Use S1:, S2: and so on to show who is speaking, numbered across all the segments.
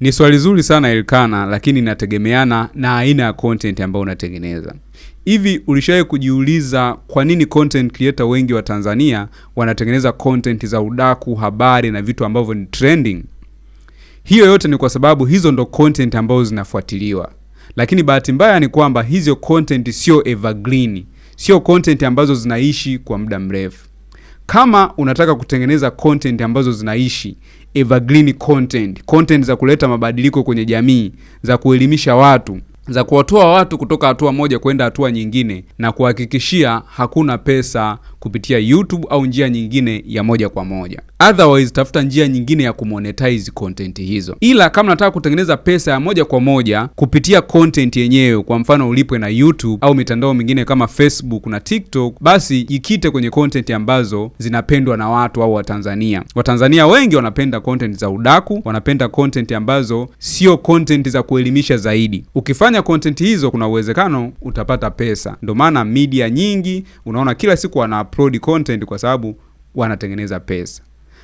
S1: Ni swali zuri sana Elkana, lakini inategemeana na aina ya content ambayo unatengeneza. Hivi ulishawahi kujiuliza kwa nini content creator wengi wa Tanzania wanatengeneza content za udaku, habari na vitu ambavyo ni trending? Hiyo yote ni kwa sababu hizo ndo content ambazo zinafuatiliwa, lakini bahati mbaya ni kwamba hizo content sio evergreen, sio content ambazo zinaishi kwa muda mrefu. Kama unataka kutengeneza content ambazo zinaishi evergreen content, content za kuleta mabadiliko kwenye jamii, za kuelimisha watu za kuwatoa watu kutoka hatua moja kwenda hatua nyingine na kuhakikishia hakuna pesa kupitia YouTube au njia nyingine ya moja kwa moja. Otherwise, tafuta njia nyingine ya kumonetize content hizo. Ila kama nataka kutengeneza pesa ya moja kwa moja kupitia content yenyewe, kwa mfano ulipwe na YouTube au mitandao mingine kama Facebook na TikTok, basi jikite kwenye content ambazo zinapendwa na watu au Watanzania. Watanzania wengi wanapenda content za udaku, wanapenda content ambazo sio content za kuelimisha zaidi. Ukifanya ukifanya content hizo, kuna uwezekano utapata pesa. Ndio maana media nyingi unaona kila siku wana upload content kwa sababu wanatengeneza pesa.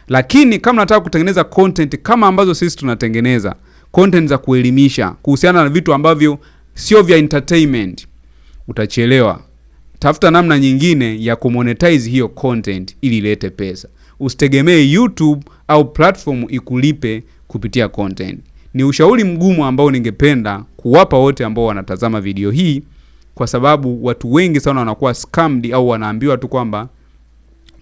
S1: Lakini kama nataka kutengeneza content kama ambazo sisi tunatengeneza content za kuelimisha kuhusiana na vitu ambavyo sio vya entertainment, utachelewa. Tafuta namna nyingine ya kumonetize hiyo content ili ilete pesa. Usitegemee YouTube au platform ikulipe kupitia content. Ni ushauri mgumu ambao ningependa kuwapa wote ambao wanatazama video hii, kwa sababu watu wengi sana wanakuwa scammed au wanaambiwa tu kwamba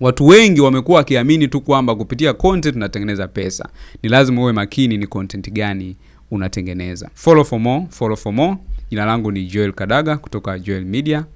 S1: watu wengi wamekuwa wakiamini tu kwamba kupitia content unatengeneza pesa. Ni lazima uwe makini ni content gani unatengeneza. Follow for more, follow for more. Jina langu ni Joel Kadaga kutoka Joel Media.